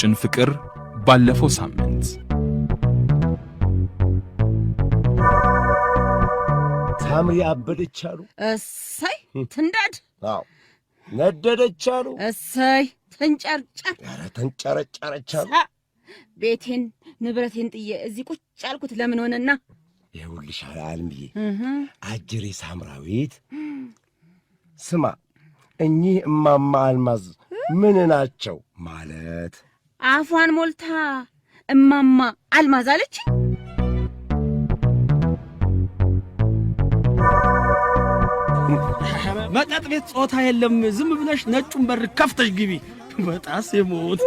ቀጭን ፍቅር ባለፈው ሳምንት ታምሪ አበደች አሉ። እሰይ ትንዳድ ነደደች አሉ። እሰይ ተንጨርጨር ኧረ ተንጨረጨረች አሉ። ቤቴን ንብረቴን ጥዬ እዚህ ቁጭ አልኩት ለምን ሆነና? ይኸውልሽ አልምዬ አጅሬ ሳምራዊት፣ ስማ እኚህ እማማ አልማዝ ምን ናቸው ማለት አፏን ሞልታ እማማ አልማዝ አለች። መጠጥ ቤት ጾታ የለም። ዝም ብለሽ ነጩን በር ከፍተሽ ግቢ። በጣስ የሞት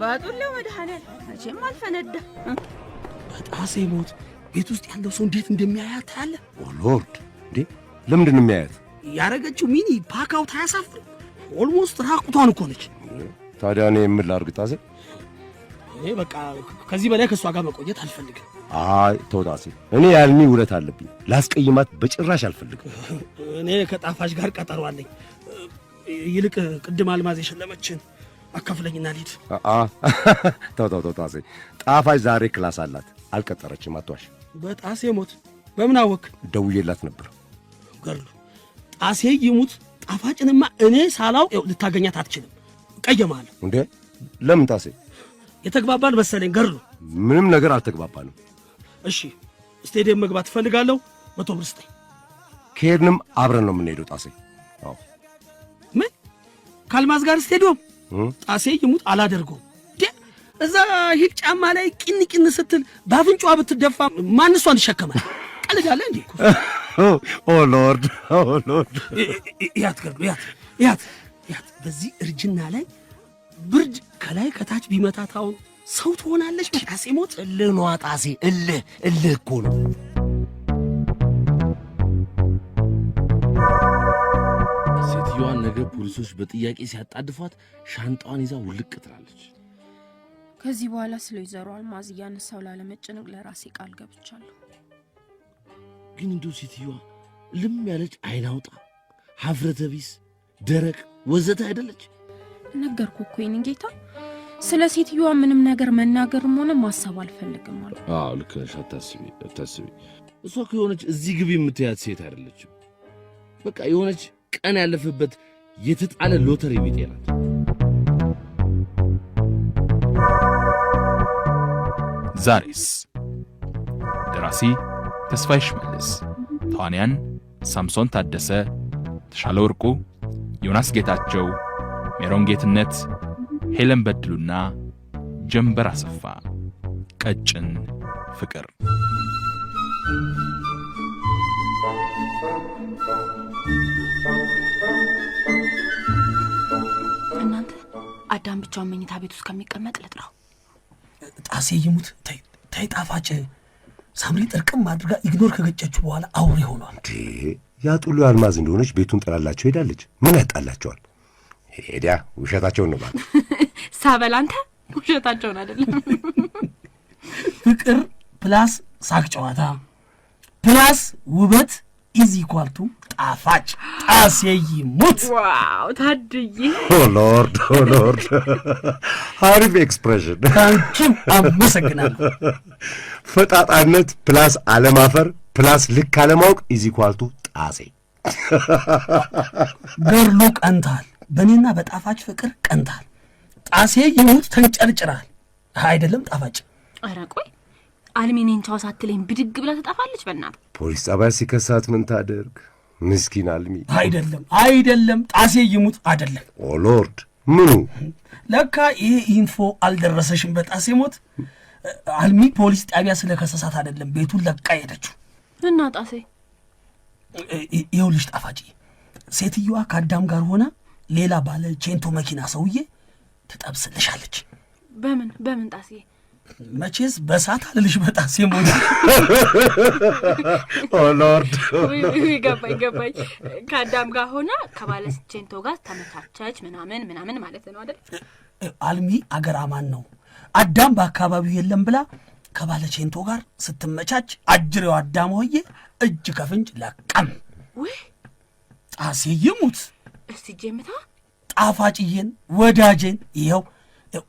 ባጡላ መድኃኒዓለም መቼም አልፈነዳ። በጣስ የሞት ቤት ውስጥ ያለው ሰው እንዴት እንደሚያያት አለ። ኦ እንዴ ለምንድን ነው የሚያያት? ያረገችው ሚኒ ፓካውት አያሳፍርም። ኦልሞስት ራቁቷን እኮ ነች። ታዲያ እኔ ምን ላድርግ? ጣሴ እኔ በቃ ከዚህ በላይ ከእሷ ጋር መቆየት አልፈልግም። አይ ተው ጣሴ፣ እኔ ያልኒ ውለት አለብኝ፣ ላስቀይማት በጭራሽ አልፈልግም። እኔ ከጣፋጭ ጋር ቀጠሮ አለኝ። ይልቅ ቅድም አልማዝ የሸለመችን አካፍለኝና ልሂድ። ተው ተው ጣሴ፣ ጣፋጭ ዛሬ ክላስ አላት፣ አልቀጠረችም። አትዋሽ። በጣሴ ሞት በምን አወክ? ደውዬላት ነበር። ገርሉ ጣሴ ይሙት ጣፋጭንማ እኔ ሳላውቅ ልታገኛት አትችልም። ቀየማለ እንዴ? ለምን ታሴ? የተግባባን መሰለኝ ገርሉ። ምንም ነገር አልተግባባንም። እሺ ስቴዲየም መግባት ትፈልጋለሁ? መቶ ብር ስጠኝ። ከሄድንም አብረን ነው የምንሄደው ጣሴ። አዎ ምን ካልማዝ ጋር ስቴዲየም? ጣሴ ይሙት አላደርገውም። እዛ ሂቅ ጫማ ላይ ቂን ቂን ስትል በአፍንጫዋ ብትደፋ ማን እሷን ይሸከማል? ቀልዳለ እንዴ? ኦ ሎርድ ኦ ሎርድ! ያት ገርሉ ያት ያት ያት በዚህ እርጅና ላይ ብርድ ከላይ ከታች ቢመታት አሁን ሰው ትሆናለች። ጣሴ ሞት እልህ ነዋ። ጣሴ እልህ እልህ እኮ ነው። ሴትዮዋን ነገ ፖሊሶች በጥያቄ ሲያጣድፏት ሻንጣዋን ይዛ ውልቅ ትላለች። ከዚህ በኋላ ስለ ወይዘሮ አልማዝ እያነሳው ላለመጨነቅ ለራሴ ቃል ገብቻለሁ። ግን እንደው ሴትዮዋ ልም ያለች አይናውጣ ሀፍረተ ቢስ ደረቅ ወዘተ አይደለች። ነገርኩ እኮ ጌታ፣ ስለ ሴትዮዋ ምንም ነገር መናገርም ሆነ ማሰብ አልፈልግም አሉ። አዎ ልክ ነሽ፣ አታስቢ አታስቢ። እሷ የሆነች እዚህ ግቢ የምትያት ሴት አይደለችም። በቃ የሆነች ቀን ያለፈበት የተጣለ ሎተሪ ቢጤ ናት። ዛሬስ ደራሲ ተስፋይሽ መልስ ተዋንያን ሳምሶን ታደሰ፣ ተሻለ ወርቁ ዮናስ ጌታቸው፣ ሜሮን ጌትነት፣ ሄለን በድሉና ጀንበር አሰፋ። ቀጭን ፍቅር እናንተ አዳም ብቻውን መኝታ ቤት ውስጥ ከሚቀመጥ ልጥራው። ጣሴ ይሙት ተይ ጣፋጭ ሳምሪ ጥርቅም አድርጋ ኢግኖር ከገጨችው በኋላ አውሬ ሆኗል። ያጡሉ አልማዝ እንደሆነች ቤቱን ጥላላቸው ሄዳለች። ምን ያጣላቸዋል? ሄዲያ ውሸታቸውን ነው ባል ሳበል፣ ውሸታቸውን አይደለም። ፍቅር ፕላስ ሳቅ ጨዋታ ፕላስ ውበት ኢዚ ኳልቱ ጣፋጭ ጣሴ ይሙት። ዋው ታድዬ! ሎርድ ሎርድ! አሪፍ ኤክስፕሬሽን። ታንኪው፣ አመሰግናለሁ። ፈጣጣነት ፕላስ አለማፈር ፕላስ ልክ አለማወቅ ኢዚኳልቱ ጣሴ ገድሉ ቀንታል። በእኔና በጣፋጭ ፍቅር ቀንታል። ጣሴ ይሙት ተንጨርጭራል። አይደለም ጣፋጭ ኧረ ቆይ አልሜኔን ቻው ሳትለኝ ብድግ ብላ ትጠፋለች። በእናት ፖሊስ ጣቢያ ሲከሳት ምን ታደርግ? ምስኪን አልሚ። አይደለም አይደለም፣ ጣሴ ይሙት አይደለም። ኦ ምኑ ለካ ይሄ ኢንፎ አልደረሰሽም። በጣሴ ሞት አልሚ ፖሊስ ጣቢያ ስለከሰሳት አይደለም ቤቱን ለቃ ሄደችው። እና ጣሴ ይኸውልሽ ጣፋጭ ሴትዮዋ ከአዳም ጋር ሆና ሌላ ባለ ቼንቶ መኪና ሰውዬ ትጠብስልሻለች። በምን በምን ጣሴ? መቼስ በሳት አልልሽ በጣሴ ሞ ሎርድ ገባኝ ገባኝ። ከአዳም ጋር ሆና ከባለ ቼንቶ ጋር ተመቻቸች ምናምን ምናምን ማለት ነው አይደል? አልሚ አገር አማን ነው አዳም በአካባቢው የለም ብላ ከባለቼንቶ ጋር ስትመቻች አጅሬው አዳም ሆዬ እጅ ከፍንጭ ለቀም። ውይ ጣሴ ይሙት እስጄምታ ጣፋጭዬን ወዳጄን ይኸው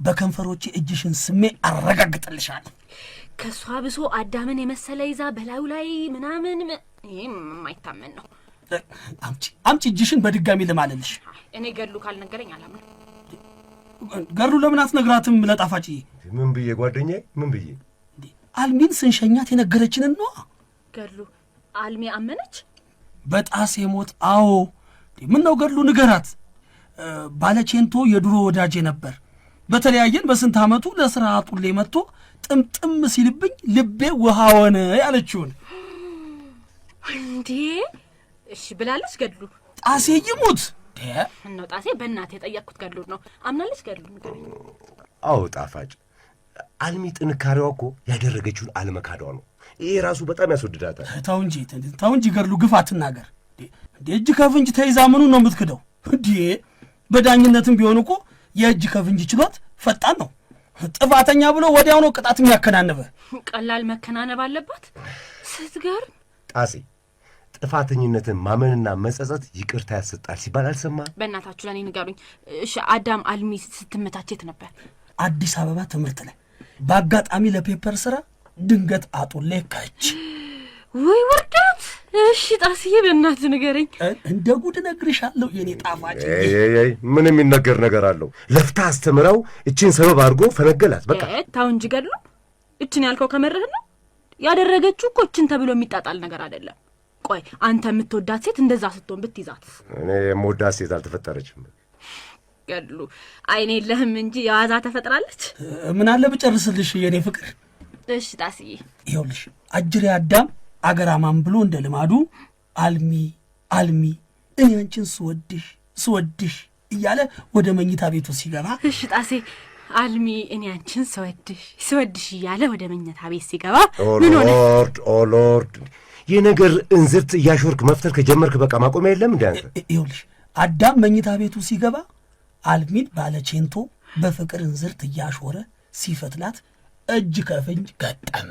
በከንፈሮቼ እጅሽን ስሜ አረጋግጥልሻል። ከእሷ ብሶ አዳምን የመሰለ ይዛ በላዩ ላይ ምናምን ይህም የማይታመን ነው። አምጪ አምጪ እጅሽን በድጋሚ ልማልልሽ። እኔ ገድሉ ካልነገረኝ አላምነው። ገድሉ ለምን አትነግራትም? ለጣፋጭዬ ምን ብዬ ጓደኛዬ ምን ብዬ አልሚን ስንሸኛት የነገረችንን ነው ገድሉ። አልሚ አመነች። በጣሴ ሞት አዎ። ምን ነው ገድሉ ንገራት። ባለቼንቶ የድሮ ወዳጄ ነበር። በተለያየን በስንት ዓመቱ ለስራ አጡሌ መጥቶ ጥምጥም ሲልብኝ ልቤ ውሃ ሆነ ያለችውን እንዴ። እሺ ብላለች ገድሉ። ጣሴ ይሙት እነው ጣሴ፣ በእናት የጠየቅኩት ገድሉ ነው። አምናለች ገድሉ። አዎ ጣፋጭ አልሚ ጥንካሬዋ እኮ ያደረገችውን አለመካዷ ነው። ይሄ ራሱ በጣም ያስወድዳታል። ተው እንጂ ተው እንጂ ገድሉ ግፍ አትናገር እጅ ከፍንጅ ተይዛ ምኑ ነው የምትክደው እንዴ? በዳኝነትም ቢሆን እኮ የእጅ ከፍንጅ ችሎት ፈጣን ነው። ጥፋተኛ ብሎ ወዲያው ነው ቅጣት የሚያከናንበ። ቀላል መከናነብ አለባት። ስትገር ጣሴ ጥፋተኝነትን ማመንና መጸጸት ይቅርታ ያሰጣል ሲባል አልሰማ። በእናታችሁ ለእኔ ንገሩኝ እሺ። አዳም አልሚ ስትመታቸት ነበር አዲስ አበባ ትምህርት ላይ በአጋጣሚ ለፔፐር ስራ ድንገት አጡሌ ከች። ወይ ወርዳት እሺ ጣስዬ፣ በእናት ንገረኝ። እንደ ጉድ እነግርሻለሁ የኔ ጣፋጭ። ምን የሚነገር ነገር አለው? ለፍታ አስተምረው እችን ሰበብ አድርጎ ፈነገላት። በቃ ታው እንጂ ገድሉ። እችን ያልከው ከመርህ ነው። ያደረገችው እኮ እችን ተብሎ የሚጣጣል ነገር አይደለም። ቆይ አንተ የምትወዳት ሴት እንደዛ ስትሆን ብትይዛት? እኔ የምወዳት ሴት አልተፈጠረችም። ገድሉ አይኔ የለህም እንጂ የዋዛ ተፈጥራለች። ምን አለ ብጨርስልሽ የኔ ፍቅር። እሺ ጣስዬ፣ ይኸውልሽ አጅሬ አዳም አገራማን ብሎ እንደ ልማዱ አልሚ አልሚ እኔ አንቺን ስወድሽ ስወድሽ እያለ ወደ መኝታ ቤቱ ሲገባ፣ እሺ ጣሴ አልሚ እኔ አንቺን ስወድሽ ስወድሽ እያለ ወደ መኝታ ቤት ሲገባ ምን ሆነ? ኦሎርድ ኦሎርድ፣ ይህ ነገር እንዝርት እያሾርክ መፍተር ከጀመርክ በቃ ማቆም የለም። እንዲ ይኸውልሽ አዳም መኝታ ቤቱ ሲገባ አልሚድ ባለቼንቶ በፍቅር እንዝርት እያሾረ ሲፈትላት እጅ ከፍንጅ ገጠም።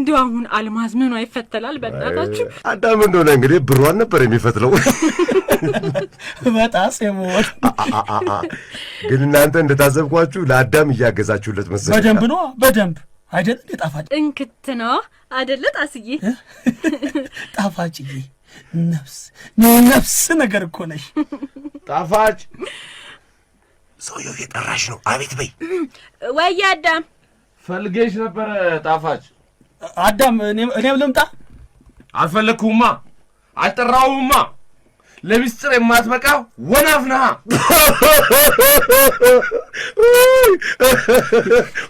እንዲ አሁን አልማዝ ምኗ ይፈተላል? በእናታችሁ አዳም እንደሆነ እንግዲህ ብሯን ነበር የሚፈትለው። በጣስ የመሆን ግን እናንተ እንደታዘብኳችሁ ለአዳም እያገዛችሁለት መሰለኝ። በደንብ ነ በደንብ አይደል? ጣፋጭ እንክት ነ አደለ? ጣስዬ ጣፋጭዬ፣ ነፍስ ነፍስ ነገር እኮ ነሽ። ጣፋጭ ሰውየው የጠራሽ ነው። አቤት በይ። ወይ አዳም ፈልገሽ ነበረ። ጣፋጭ አዳም፣ እኔም ልምጣ። አልፈለግኩማ፣ አልጠራውማ። ለሚስጥር የማትበቃ ወናፍ ነሃ።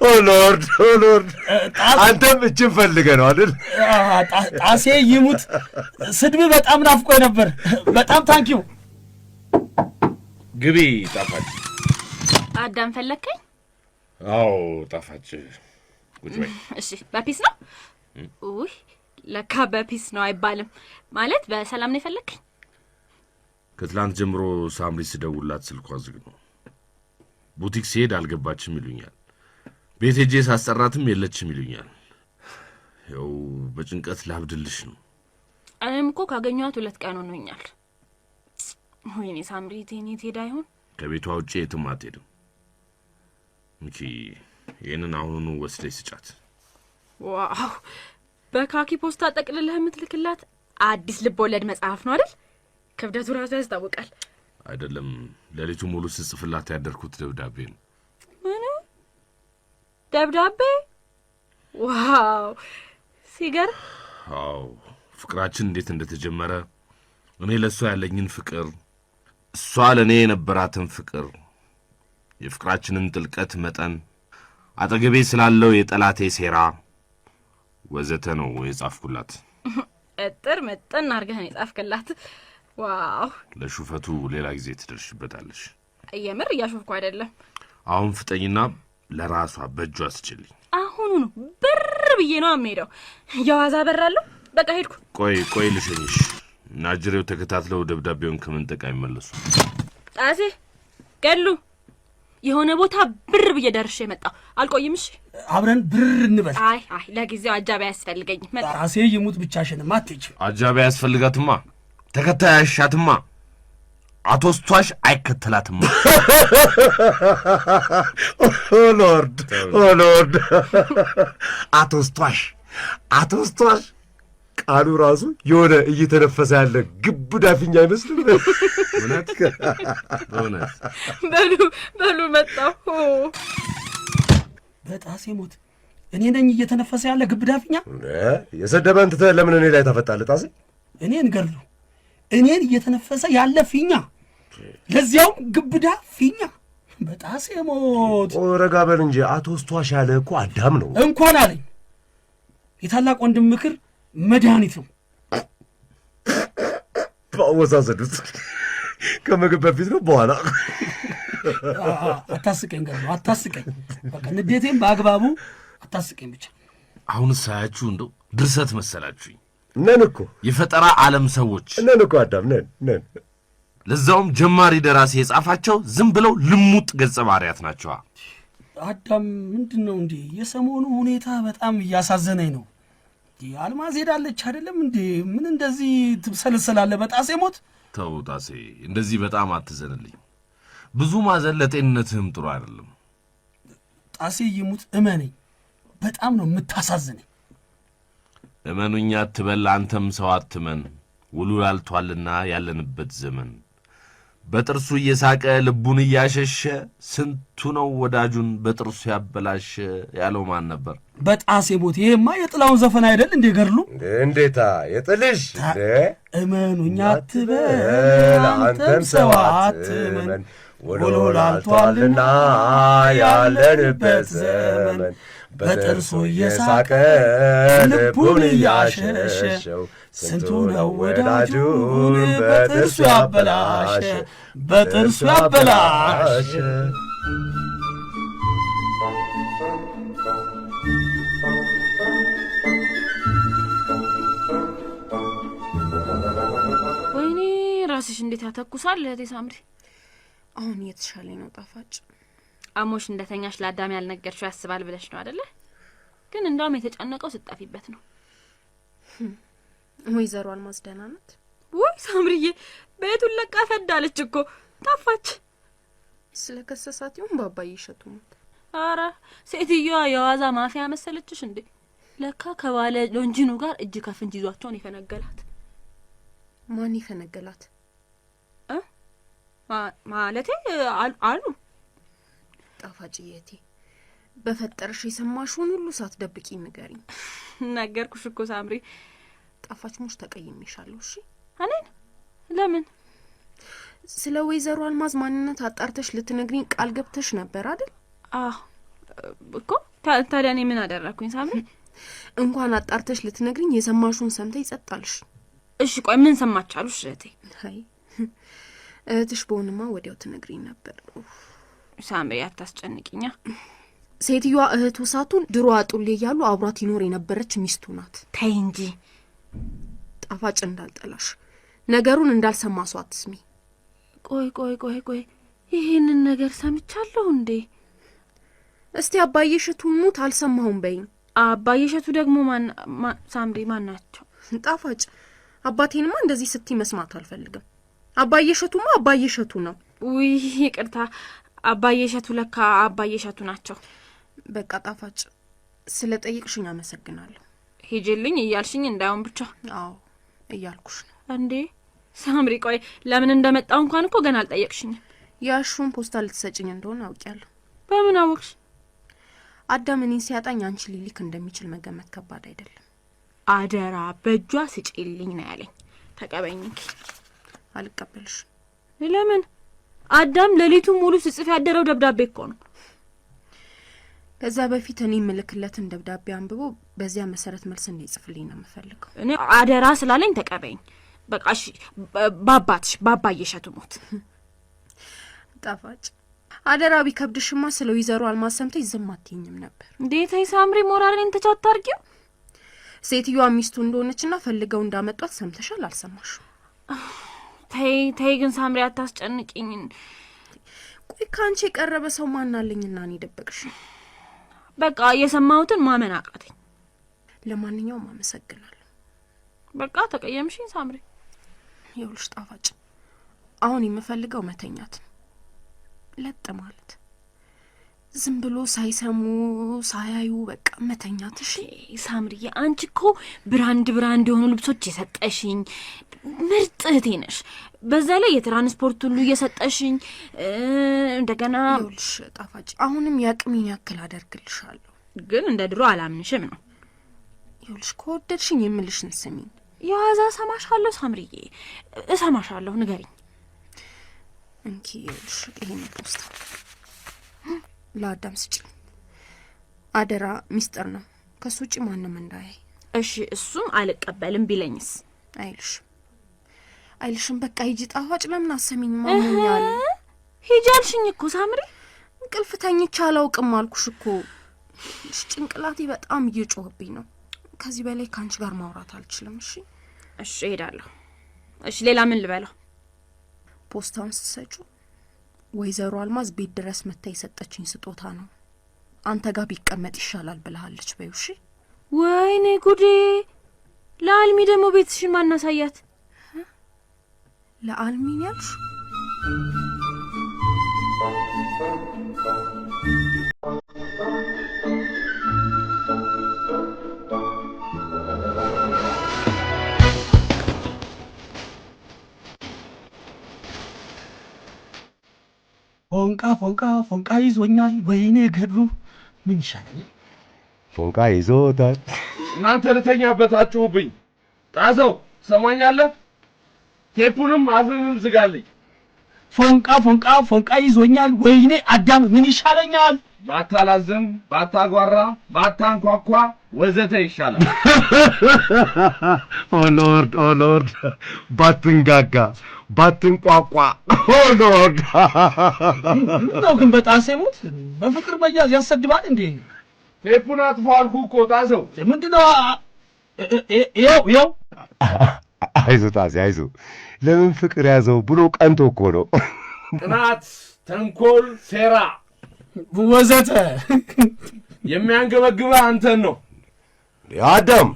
ኦ ሎርድ፣ ኦ ሎርድ፣ አንተም እችን ፈልገ ነው አይደል? ጣሴ ይሙት፣ ስድብ በጣም ናፍቆ ነበር። በጣም ታንኪው ግቢ ጣፋጭ። አዳም ፈለግከኝ? አዎ ጣፋጭ፣ እሺ በፒስ ነው? ውይ ለካ በፒስ ነው አይባልም። ማለት በሰላም ነው የፈለግከኝ? ከትላንት ጀምሮ ሳምሪ ስደውላት ስልኳ ዝግ ነው። ቡቲክ ሲሄድ አልገባችም ይሉኛል። ቤት ሄጄ ሳስጠራትም የለችም ይሉኛል። ያው በጭንቀት ላብድልሽ ነው። እኔም እኮ ካገኘኋት ሁለት ቀን ሆኖኛል። ወይኔ ሳምሪ ቴኔት ሄዳ ይሆን? ከቤቷ ውጭ የትም አትሄድም። ሚኪ ይህንን አሁኑኑ ወስደች ስጫት። ዋው በካኪ ፖስታ ጠቅልለህ የምትልክላት አዲስ ልብ ወለድ መጽሐፍ ነው አይደል? ክብደቱ ራሱ ያስታውቃል። አይደለም ሌሊቱ ሙሉ ስጽፍላት ያደርኩት ደብዳቤ ነው። ምን ደብዳቤ? ዋው ሲገርም። አዎ ፍቅራችን እንዴት እንደተጀመረ እኔ ለእሷ ያለኝን ፍቅር እሷ ለእኔ የነበራትን ፍቅር፣ የፍቅራችንን ጥልቀት መጠን፣ አጠገቤ ስላለው የጠላቴ ሴራ ወዘተ ነው የጻፍኩላት። እጥር ምጥን አድርገህን የጻፍክላት። ዋው! ለሹፈቱ ሌላ ጊዜ ትደርሽበታለሽ። የምር እያሾፍኩ አይደለም። አሁን ፍጠኝና ለራሷ በእጇ አስችልኝ። አሁኑ ነው ብር ብዬ ነው የምሄደው። የዋዛ በራለሁ። በቃ ሄድኩ። ቆይ ቆይ ልሸኝሽ። ናጅሬው ተከታትለው ደብዳቤውን ከመንጠቅ አይመለሱ። ጣሴ ገሉ የሆነ ቦታ ብር ብዬ ደርሼ መጣሁ። አልቆይም። እሺ አብረን ብር እንበል። አይ አይ ለጊዜው አጃቢ አያስፈልገኝም። ጣሴ ይሙት ብቻሽንማ አትሄጂም። አጃቢ አያስፈልጋትማ፣ ተከታይ አይሻትማ፣ አቶ ስቷሽ አይከተላትማ። ኦሎርድ ኦሎርድ አቶ ስቷሽ አቶ ስቷሽ ቃሉ ራሱ የሆነ እየተነፈሰ ያለ ግብ ዳፊኛ አይመስልም? እውነት በሉ በሉ መጣሁ። በጣሴ ሞት እኔ ነኝ እየተነፈሰ ያለ ግብ ዳፊኛ። የሰደበን ትተህ ለምን እኔ ላይ ታፈጣለህ? ጣሴ እኔን ገድሉ እኔን እየተነፈሰ ያለ ፊኛ፣ ለዚያውም ግብዳ ፊኛ። በጣሴ ሞት ረጋ እንጂ አቶ ስቷሽ ያለ እኮ አዳም ነው እንኳን አለኝ የታላቅ ወንድም ምክር መድኃኒት ነው። ከምግብ በፊት ነው በኋላ አታስቀኝ ገ አታስቀኝ። በቃ ንዴቴም በአግባቡ አታስቀኝ ብቻ። አሁን ሳያችሁ እንደው ድርሰት መሰላችሁኝ። ነን እኮ የፈጠራ ዓለም ሰዎች ነን እኮ አዳም ነን ነን። ለዛውም ጀማሪ ደራሲ የጻፋቸው ዝም ብለው ልሙጥ ገጸ ባህርያት ናቸዋ። አዳም ምንድን ነው እንዲህ የሰሞኑ ሁኔታ በጣም እያሳዘነኝ ነው። አልማዝ ሄዳለች አይደለም እንዴ? ምን እንደዚህ ትብሰለሰላለህ? በጣሴ ሞት ተው ጣሴ፣ እንደዚህ በጣም አትዘንልኝ። ብዙ ማዘን ለጤንነትህም ጥሩ አይደለም። ጣሴ ይሙት፣ እመነኝ፣ በጣም ነው የምታሳዝነኝ። እመኑኛ አትበል፣ አንተም ሰው አትመን። ውሉ ያልቷልና ያለንበት ዘመን በጥርሱ እየሳቀ ልቡን እያሸሸ ስንቱ ነው ወዳጁን በጥርሱ ያበላሸ ያለው ማን ነበር? በጣሴ ቦቴ ይሄማ የጥላውን ዘፈን አይደል እንዴ? ገድሉ እንዴታ የጥልሽ እመኑኛ አትበል አንተም ሰው አትመን ወሎላልቷልና ያለንበት ዘመን በጥርሱ እየሳቀ ልቡን እያሸሸው ስንቱ ነው ወዳጁን በጥርሱ ያበላሸ በጥርሱ ያበላሸ ራስሽ እንዴት ያተኩሳል እህቴ ሳምሪ። አሁን እየተሻለኝ ነው። ጣፋጭ አሞሽ ተኛሽ ለአዳሚ ያልነገርሽው ያስባል ብለሽ ነው አደለ? ግን እንዳውም የተጨነቀው ስጠፊበት ነው። ወይዘሮ አልማዝ ደህና ናት ወይ? ሳምርዬ ቤቱን ለቃ ፈዳለች እኮ ጠፋች። ስለ ከሰሳት ይሁን ባባዬ እሸቱ ሞት። አረ ሴትዮዋ የዋዛ ማፊያ መሰለችሽ እንዴ? ለካ ከባለ ሎንጂኑ ጋር እጅ ከፍንጅ ይዟቸውን የፈነገላት ማን የፈነገላት? ማለቴ አሉ። ጣፋጭ የቴ በፈጠርሽ የሰማሽውን ሁሉ ደብቂ ንገሪኝ። ነገርኩሽ እኮ ሳምሪ፣ ጣፋጭ ሙሽ ተቀይሜሻለሁ። እሺ እኔን ለምን? ስለ ወይዘሮ አልማዝ ማንነት አጣርተሽ ልትነግሪኝ ቃል ገብተሽ ነበር አይደል? አዎ እኮ ታዲያ እኔ ምን አደረግኩኝ ሳምሪ? እንኳን አጣርተሽ ልትነግሪኝ የሰማሹን ሰምተ ይጸጣልሽ። እሺ ቆይ ምን ሰማች አሉሽ እህቴ? አይ እህትሽ በሆንማ ወዲያው ትነግሪኝ ነበር። ሳምሪ አታስጨንቅኛ። ሴትዮዋ እህቱ ሳቱን ድሮ አጡሌ እያሉ አብሯት ይኖር የነበረች ሚስቱ ናት። ተይ እንጂ ጣፋጭ እንዳልጠላሽ ነገሩን እንዳልሰማ ሰው አትስሚ። ቆይ ቆይ ቆይ ቆይ ይህንን ነገር ሰምቻለሁ እንዴ? እስቲ አባየሸቱ ሙት አልሰማሁም በይኝ። አባየሸቱ እሸቱ ደግሞ ሳምሪ ማን ናቸው? ጣፋጭ አባቴንማ እንደዚህ ስቲ መስማት አልፈልግም። አባየሸቱማ አባየሸቱ ነው። ውይ ይቅርታ፣ አባየሸቱ ለካ አባየሸቱ ናቸው። በቃ ጣፋጭ፣ ስለ ጠይቅሽኝ አመሰግናለሁ። ሂጅልኝ እያልሽኝ እንዳይሆን ብቻ። አዎ እያልኩሽ ነው። እንዴ ሳምሪ፣ ቆይ ለምን እንደመጣው እንኳን እኮ ገና አልጠየቅሽኝም። ያሹን ፖስታ ልትሰጭኝ እንደሆነ አውቅያለሁ በምን አወቅሽ? አዳም እኔን ሲያጣኝ አንቺ ሊሊክ እንደሚችል መገመት ከባድ አይደለም። አደራ በእጇ ስጪልኝ ነው ያለኝ። እንኪ። አልቀበልሽም። ለምን? አዳም ሌሊቱን ሙሉ ስጽፍ ያደረው ደብዳቤ እኮ ነው። ከዛ በፊት እኔ ምልክለትን ደብዳቤ አንብቦ በዚያ መሰረት መልስ እንዲጽፍልኝ ነው የምፈልገው። እኔ አደራ ስላለኝ ተቀበኝ። በቃ እሺ። ባባትሽ ባባ እየሸቱ ሞት ጣፋጭ አደራ ቢከብድሽማ ስለ ወይዘሮ አልማዝ ሰምተሽ ዝም አትይኝም ነበር። እንዴት ሳምሪ ሞራልን ተቻት አርጊው። ሴትዮዋ ሚስቱ እንደሆነችና ፈልገው እንዳመጧት ሰምተሻል አልሰማሽም? ተይ ተይ ግን ሳምሪ አታስጨንቅኝ ቆይ ከአንቺ የቀረበ ሰው ማናለኝና እኔ ደበቅሽ። በቃ የሰማሁትን ማመን አቃተኝ። ለማንኛውም አመሰግናለሁ። በቃ ተቀየምሽኝ ሳምሪ። ይኸውልሽ ጣፋጭ፣ አሁን የምፈልገው መተኛት ለጥ ማለት ዝም ብሎ ሳይሰሙ ሳያዩ በቃ መተኛት። እሺ ሳምርዬ፣ አንቺ እኮ ብራንድ ብራንድ የሆኑ ልብሶች የሰጠሽኝ ምርጥ እህቴ ነሽ። በዛ ላይ የትራንስፖርት ሁሉ እየሰጠሽኝ እንደገና ልሽ ጣፋጭ፣ አሁንም የአቅሜን ያክል አደርግልሻለሁ፣ ግን እንደ ድሮ አላምንሽም ነው ይኸውልሽ። ከወደድሽኝ የምልሽን ስሚኝ። የዋዛ እሰማሻለሁ ሳምርዬ፣ እሰማሻለሁ። ንገሪኝ እንኪ። ይኸውልሽ ይሄን ውስጥ ለአዳም ስጭ። አደራ፣ ሚስጥር ነው። ከሱ ውጭ ማንም እንዳያይ። እሺ፣ እሱም አልቀበልም ቢለኝስ? አይልሽ አይልሽም። በቃ ሂጂ። ጣፋጭ ለምን አሰሚኝ? ማሆኛል። ሂጂ አልሽኝ እኮ ሳምሪ። እንቅልፍ ተኝቼ አላውቅም አልኩሽ እኮ። ጭንቅላቴ በጣም እየጮህብኝ ነው። ከዚህ በላይ ከአንቺ ጋር ማውራት አልችልም። እሺ፣ እሺ፣ እሄዳለሁ። እሺ፣ ሌላ ምን ልበለው? ፖስታውን ስሰጩ ወይዘሮ አልማዝ ቤት ድረስ መታ የሰጠችኝ ስጦታ ነው። አንተ ጋር ቢቀመጥ ይሻላል ብለሃለች። በይው እሺ። ወይኔ ጉዴ! ለአልሚ ደግሞ ቤትሽን ማናሳያት? ለአልሚ ያልሽ? ፎንቃ ፎንቃ ፎንቃ ይዞኛል ወይኔ ገድሉ ምን ይሻላል? ፎንቃ ይዞታል። እናንተ ልተኛበታችሁብኝ። ጣሰው ትሰማኛለህ? ቴፑንም አፍንም ዝጋልኝ። ፎንቃ ፎንቃ ፎንቃ ይዞኛል ወይኔ አዳም ምን ይሻለኛል? ባታላዝም፣ ባታጓራ፣ ባታንኳኳ ወዘተ ይሻላል። ኦ ሎርድ ኦ ሎርድ፣ ባትንጋጋ፣ ባትንቋቋ ኦ ሎርድ። ምነው ግን በጣሴ ሙት በፍቅር መያዝ ያሰድባል እንዴ? ቴፑን አጥፎ አልኩህ እኮ ጣሰው። ምንድነው? ይኸው ይኸው። አይዞ ጣሴ አይዞ። ለምን ፍቅር ያዘው ብሎ ቀንቶ እኮ ነው። ቅናት፣ ተንኮል፣ ሴራ ወዘተ የሚያንገበግበ አንተን ነው። አደም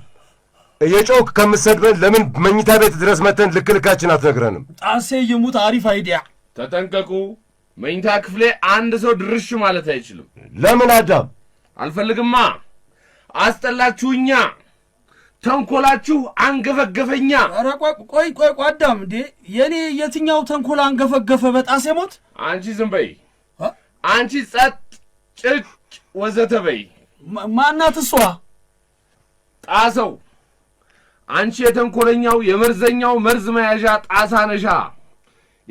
እየጮክ ከምትሰድበን ለምን መኝታ ቤት ድረስ መተን ልክልካችን አትነግረንም? ጣሴ የሙት አሪፍ አይዲያ። ተጠንቀቁ፣ መኝታ ክፍሌ አንድ ሰው ድርሽ ማለት አይችልም። ለምን አዳም? አልፈልግማ። አስጠላችሁኛ፣ ተንኮላችሁ አንገፈገፈኛ። ኧረ ቆይ ቆይ ቆይ፣ አዳም እንዴ! የእኔ የትኛው ተንኮል አንገፈገፈ በጣሴ ሞት? አንቺ ዝም በይ። አንቺ ጸጥ ጭጭ ወዘተ በይ። ማናት እሷ? ጣሰው አንቺ የተንኮለኛው የመርዘኛው መርዝ መያዣ ጣሳ ነሻ።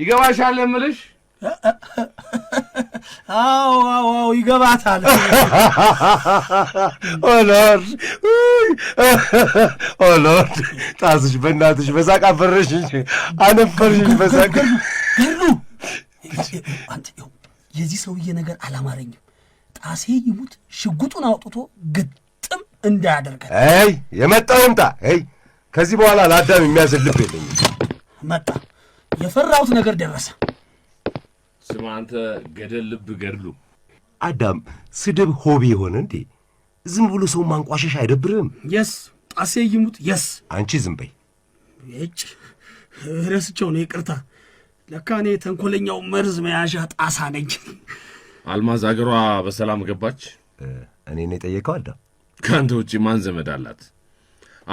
ይገባሻል የምልሽ። አዎ አዎ ይገባታል። ኦሎርድ ኦሎርድ፣ ጣስሽ በእናትሽ በሳቅ አፈረሽ፣ አነፈርሽ በሳቅ የዚህ ሰውዬ ነገር አላማረኝም። ጣሴ ይሙት ሽጉጡን አውጥቶ ግጥም እንዳያደርገን። አይ የመጣው ይምጣ። አይ ከዚህ በኋላ ለአዳም ልብ የለኝ። መጣ። የፈራሁት ነገር ደረሰ። ስማ አንተ ገደል ልብ ገድሉ አዳም፣ ስድብ ሆቢ የሆነ እንዴ? ዝም ብሎ ሰው ማንቋሸሽ አይደብርም? የስ ጣሴ ይሙት የስ። አንቺ ዝም በይ። እጭ ረስቸው ነው። ይቅርታ ለካ እኔ ተንኮለኛው መርዝ መያዣ ጣሳ ነኝ። አልማዝ አገሯ በሰላም ገባች? እኔ ነው የጠየቀው። አዳ ከአንተ ውጭ ማን ዘመድ አላት?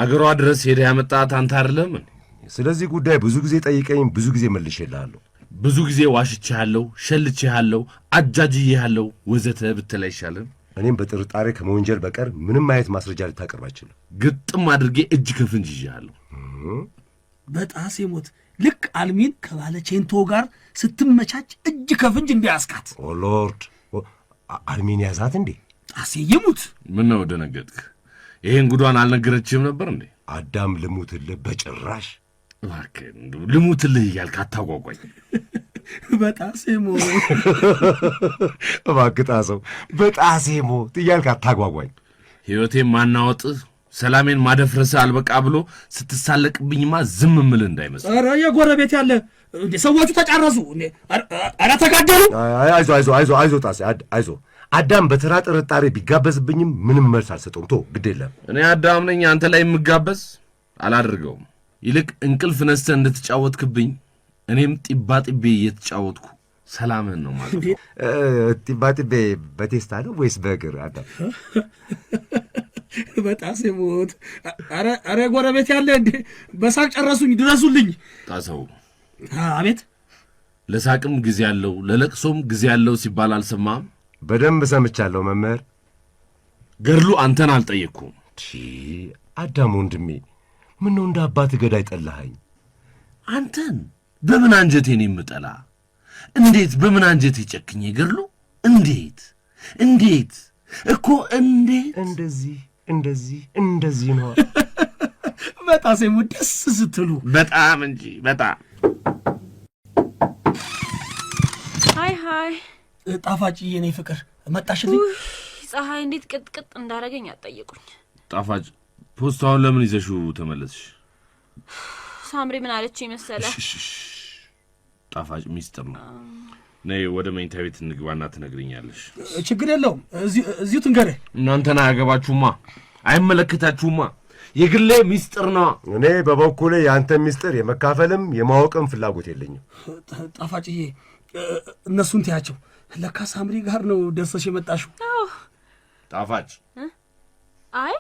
አገሯ ድረስ ሄደ ያመጣት አንተ አይደለም? ስለዚህ ጉዳይ ብዙ ጊዜ ጠይቀኝ፣ ብዙ ጊዜ መልሼልሃለሁ። ብዙ ጊዜ ዋሽቼሃለሁ፣ ሸልቼሃለሁ፣ አጃጅዬሃለሁ ወዘተ ብትል አይሻልም? እኔም በጥርጣሬ ከመወንጀል በቀር ምንም አይነት ማስረጃ ልታቀርብ አይችልም። ግጥም አድርጌ እጅ ከፍንጅ ይዤሃለሁ። በጣሴ ሞት ልክ አልሚን ከባለ ቼንቶ ጋር ስትመቻች እጅ ከፍንጅ እንዲያስካት። ኦሎርድ አልሚን ያዛት እንዴ? አሴ ይሙት። ነው ደነገጥክ? ይሄን ጉዷን አልነገረችህም ነበር እንዴ? አዳም ልሙትልህ? በጭራሽ እባክህ፣ ልሙትልህ እያልክ አታጓጓኝ። በጣሴ ሞት እባክህ፣ ጣሰው በጣሴ ሞት እያልክ አታጓጓኝ። ሕይወቴ ማናወጥህ ሰላሜን ማደፍረሰ አልበቃ ብሎ ስትሳለቅብኝማ ዝም ምል እንዳይመስል። የጎረቤት ያለ ሰዎቹ ተጫረሱ፣ ኧረ ተጋደሉ። አይዞ አይዞ አይዞ አይዞ ጣሴ አይዞ። አዳም በተራ ጥርጣሬ ቢጋበዝብኝም ምንም መልስ አልሰጠውም። ቶ ግድ የለም እኔ አዳም ነኝ አንተ ላይ የምጋበዝ አላደርገውም። ይልቅ እንቅልፍ ነስተ እንደተጫወትክብኝ እኔም ጢባ ጢቤ እየተጫወትኩ ሰላምህን ነው ማለት ነው። ጢባ ጢቤ በቴስታ ነው ወይስ በእግር አዳም? በጣሴ ሞት። አረ ጎረቤት ያለ እንዴ! በሳቅ ጨረሱኝ፣ ድረሱልኝ። ጣሰው አቤት። ለሳቅም ጊዜ ያለው ለለቅሶም ጊዜ ያለው ሲባል አልሰማም? በደንብ ሰምቻለሁ መምህር። ገድሉ አንተን አልጠየቅኩም። አዳም ወንድሜ፣ ምነው እንደ አባት ገዳይ ጠላኸኝ? አንተን በምን አንጀቴን የምጠላ እንዴት? በምን አንጀቴ ጨክኜ ገድሉ እንዴት እንዴት እኮ እንዴት እንደዚህ እንደዚህ እንደዚህ ነው። በጣም ደስ ስትሉ በጣም እንጂ በጣም ሀይ ሀይ ጣፋጭ የኔ ፍቅር መጣሽልኝ። ፀሐይ እንዴት ቅጥቅጥ እንዳደረገኝ አጠየቁኝ? ጣፋጭ ፖስታውን ለምን ይዘሽው ተመለስሽ? ሳምሪ ምን አለች መሰለ? ጣፋጭ ሚስጥር ነው ነይ ወደ መኝታ ቤት እንግባና ትነግርኛለሽ። ችግር የለውም እዚሁ ትንገርህ። እናንተን አያገባችሁማ፣ አይመለከታችሁማ። የግሌ ሚስጥር ነዋ። እኔ በበኩሌ የአንተ ሚስጥር የመካፈልም የማወቅም ፍላጎት የለኝም። ጣፋጭዬ፣ እነሱን ትያቸው። ለካ ሳምሪ ጋር ነው ደርሰሽ የመጣሽው። ጣፋጭ፣ አይ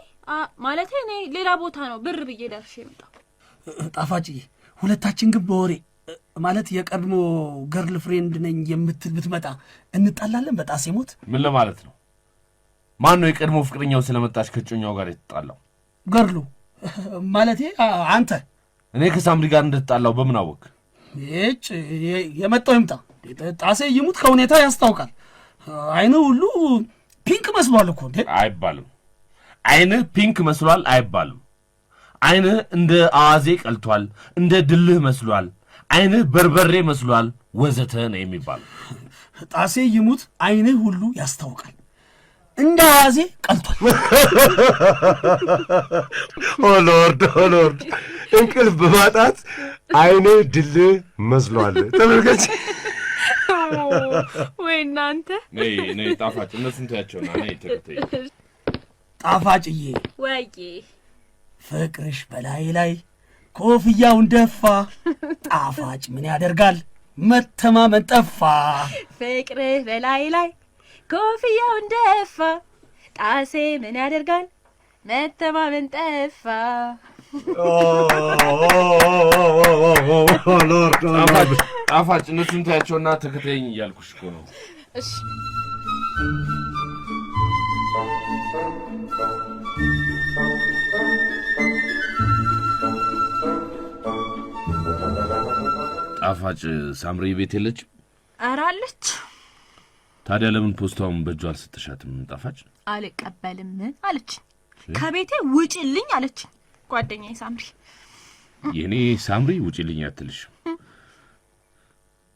ማለቴ እኔ ሌላ ቦታ ነው ብር ብዬ ደርሼ የመጣሁ። ጣፋጭዬ፣ ሁለታችን ግን በወሬ ማለት የቀድሞ ገርል ፍሬንድ ነኝ የምትል ብትመጣ እንጣላለን። በጣሴ ሞት ምን ለማለት ነው? ማን ነው የቀድሞ ፍቅረኛው ስለመጣች ከጮኛው ጋር የተጣላው? ገርሉ ማለቴ አንተ። እኔ ከሳምሪ ጋር እንደተጣላው በምን አወቅ? ይጭ የመጣው ይምጣ። ጣሴ ይሙት ከሁኔታ ያስታውቃል። አይነ ሁሉ ፒንክ መስሏል እኮ እንዴ! አይባልም። አይንህ ፒንክ መስሏል አይባልም። አይንህ እንደ አዋዜ ቀልቷል፣ እንደ ድልህ መስሏል አይንህ በርበሬ መስሏል ወዘተ ነው የሚባል። ጣሴ ይሙት አይንህ ሁሉ ያስታውቃል። እንደ አዋዜ ቀልቷል። ኦሎርድ ኦሎርድ እንቅልፍ በማጣት ዓይንህ ድልህ መስሏል። ተመልከች ወይ እናንተ ጣፋጭ እነሱን ትያቸው ና ተከታይ ጣፋጭዬ ወይ ፍቅርሽ በላይ ላይ ኮፍያውን ደፋ። ጣፋጭ ምን ያደርጋል መተማመን ጠፋ። ፍቅርህ በላይ ላይ ኮፍያውን ደፋ። ጣሴ ምን ያደርጋል መተማመን ጠፋ። ጣፋጭነቱን ታያቸውና ተከታይኝ እያልኩሽ እኮ ነው። እሺ ጣፋጭ ሳምሪ ቤት የለችም? ኧረ አለች። ታዲያ ለምን ፖስታውን በእጇ አልሰጠሻትም? ጣፋጭ አልቀበልም አለች። ከቤቴ ውጪልኝ አለች ጓደኛ ሳምሪ። የእኔ ሳምሪ ውጪልኝ አትልሽ፣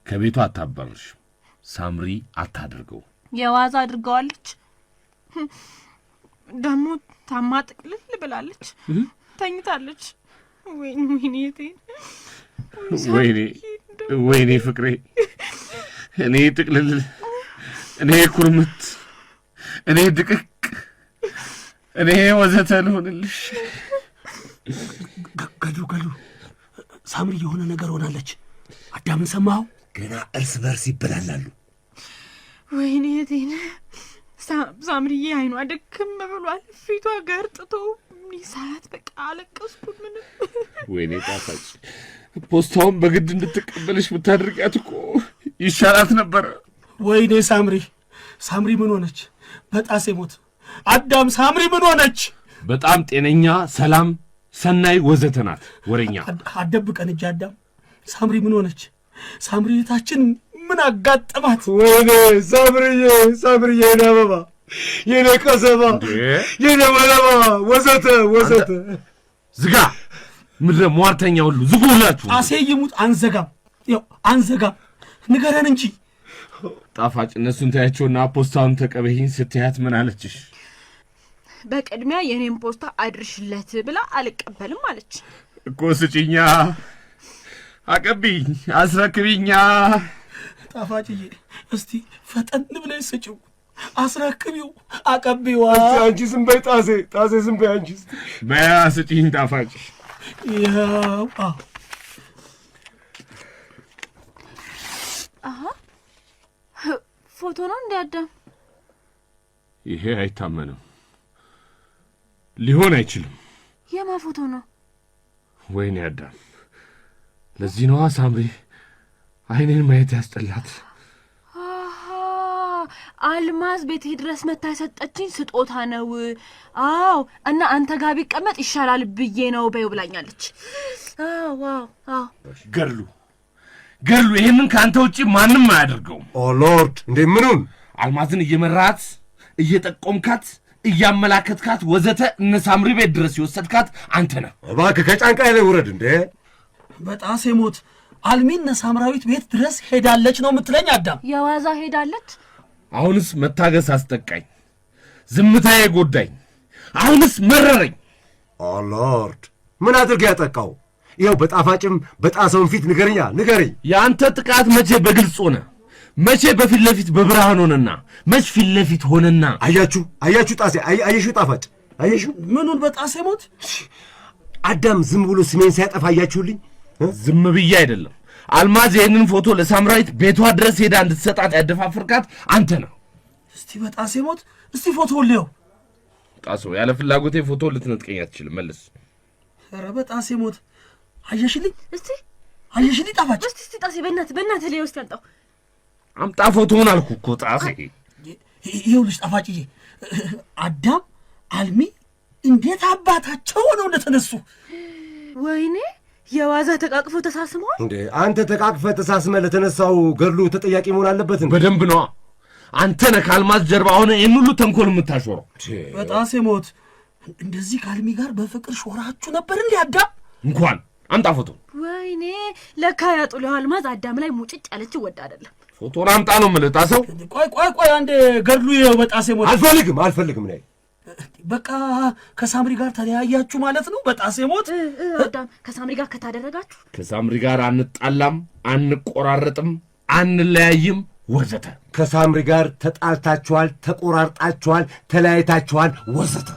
ከቤቷ አታባርሽ። ሳምሪ አታድርገው የዋዛ አድርገዋለች። ደግሞ ታማ ጥቅልል ብላለች፣ ተኝታለች። ወይኔ ወይኔ ወይኔ ፍቅሬ፣ እኔ ጥቅልል፣ እኔ ኩርምት፣ እኔ ድቅቅ፣ እኔ ወዘተ ልሆንልሽ። ገዱ ገዱ፣ ሳምሪ የሆነ ነገር ሆናለች። አዳምን ሰማኸው? ገና እርስ በርስ ይበላላሉ። ወይኔ ቴነ ሳምሪዬ፣ አይኗ ድክም ብሏል፣ ፊቷ ገርጥቶ ሳያት በቃ አለቀስኩ። ምንም ወይኔ ጣፋጭ ፖስታውን በግድ እንድትቀበልሽ ብታደርጊያት እኮ ይሻላት ነበረ። ወይኔ ሳምሪ ሳምሪ ምን ሆነች? በጣሴ ሞት አዳም ሳምሪ ምን ሆነች? በጣም ጤነኛ፣ ሰላም፣ ሰናይ ወዘተ ናት። ወሬኛ አደብቀን እጅ አዳም ሳምሪ ምን ሆነች? ቤታችን ምን አጋጠማት? ወይኔ ሳምሪዬ፣ ሳምሪዬ አበባ የኔ ቀዘባ የኔ መለባ ወዘተ ወዘተ። ዝጋ ምድረ ሟርተኛ ሁሉ ዝጉ ሁላችሁ። አሴ ይሙት አንዘጋም፣ ያው አንዘጋም። ንገረን እንጂ ጣፋጭ። እነሱን ታያቸውና ፖስታውን ተቀበይኝ ስትያት ምን አለችሽ? በቅድሚያ የኔን ፖስታ አድርሽለት ብላ አልቀበልም አለች እኮ። ስጪኛ፣ አቀብኝ፣ አስረክብኛ። ጣፋጭዬ እስቲ ፈጠን ብለሽ ስጪው አስረክቢው አቀቢዋ። አንቺ ዝም በይ ጣሴ፣ ጣሴ ዝም በይ አንቺ። በያ ስጪኝ ጣፋጭ። ፎቶ ነው እንደ አዳም። ይሄ አይታመንም፣ ሊሆን አይችልም። የማ ፎቶ ነው? ወይኔ አዳም፣ ለዚህ ነዋ ሳምሪ አይኔን ማየት ያስጠላት። አልማዝ ቤትህ ድረስ መታ የሰጠችኝ ስጦታ ነው። አዎ እና አንተ ጋር ቢቀመጥ ይሻላል ብዬ ነው በይው ብላኛለች። ገድሉ ገድሉ ይሄንን ከአንተ ውጭ ማንም አያደርገውም። ኦሎርድ እንዴ ምኑን አልማዝን እየመራት እየጠቆምካት እያመላከትካት ወዘተ እነ ሳምሪ ቤት ድረስ የወሰድካት አንተ ነህ። እባክህ ከጫንቃ ላይ ውረድ። እንዴ በጣሴ ሞት አልሚን ነሳምራዊት ቤት ድረስ ሄዳለች ነው የምትለኝ? አዳም የዋዛ ሄዳለች አሁንስ መታገስ አስጠቃኝ፣ ዝምታዬ ጎዳኝ፣ አሁንስ መረረኝ። ኦሎርድ ምን አድርግ ያጠቃው? ይኸው በጣፋጭም በጣሰውን ፊት ንገርኛ ንገረኝ። የአንተ ጥቃት መቼ በግልጽ ሆነ? መቼ በፊት ለፊት በብርሃን ሆነና መች ፊት ለፊት ሆነና? አያችሁ አያችሁ፣ ጣሴ አየሹ፣ ጣፋጭ አየሹ። ምኑን በጣሴ ሞት አዳም ዝም ብሎ ስሜን ሳያጠፋ አያችሁልኝ? ዝም ብዬ አይደለም አልማዝ ይህንን ፎቶ ለሳምራዊት ቤቷ ድረስ ሄዳ እንድትሰጣት ያደፋፍርካት አንተ ነው። እስቲ በጣሴ ሞት እስቲ ፎቶ ልየው። ጣሶ ያለ ፍላጎቴ ፎቶ ልትነጥቀኝ አትችልም። መልስ። ኧረ በጣሴ ሞት አየሽልኝ፣ እስቲ አየሽልኝ። ጣፋጭ እስቲ እስቲ ጣሴ በእናት በእናት ልየው እስቲ። አምጣው አምጣ ፎቶውን አልኩ እኮ ጣሴ። ይኸውልሽ ጣፋጭዬ፣ አዳም አልሚ እንዴት አባታቸው ሆነው እንደተነሱ ወይኔ የዋዛ ተቃቅፎ ተሳስመዋል እንዴ? አንተ ተቃቅፈ ተሳስመ ለተነሳው ገድሉ ተጠያቂ መሆን አለበት። በደንብ ነዋ። አንተ ነህ ካልማዝ ጀርባ ሆነ ይህን ሁሉ ተንኮል የምታሾረው። በጣሴ ሞት እንደዚህ ካልሚ ጋር በፍቅር ሾራችሁ ነበር እንዲ አዳም እንኳን አምጣ ፎቶ። ወይኔ ለካ ያጡሉ አልማዝ አዳም ላይ ሙጭጭ ያለች ወድ አይደለም ፎቶን አምጣ ነው የምልህ። ጣሰው ቆይ ቆይ ቆይ አንዴ ገድሉ ይኸው። በጣሴ ሞት አልፈልግም አልፈልግም ነ በቃ ከሳምሪ ጋር ተለያያችሁ ማለት ነው። በጣሴ ሞት ከሳምሪ ጋር ከታደረጋችሁ ከሳምሪ ጋር አንጣላም፣ አንቆራረጥም፣ አንለያይም ወዘተ። ከሳምሪ ጋር ተጣልታችኋል፣ ተቆራርጣችኋል፣ ተለያይታችኋል ወዘተ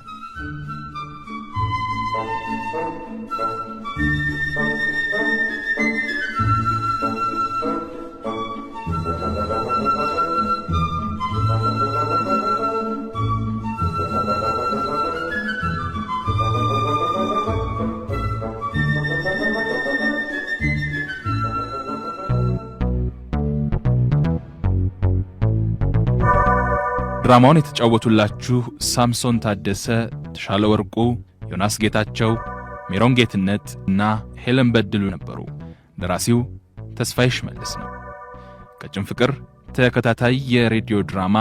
ድራማውን የተጫወቱላችሁ ሳምሶን ታደሰ፣ ተሻለ ወርቁ፣ ዮናስ ጌታቸው፣ ሜሮን ጌትነት እና ሄለን በድሉ ነበሩ። ደራሲው ተስፋይሽ መልስ ነው። ቀጭን ፍቅር ተከታታይ የሬዲዮ ድራማ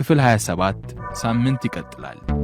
ክፍል 27 ሳምንት ይቀጥላል።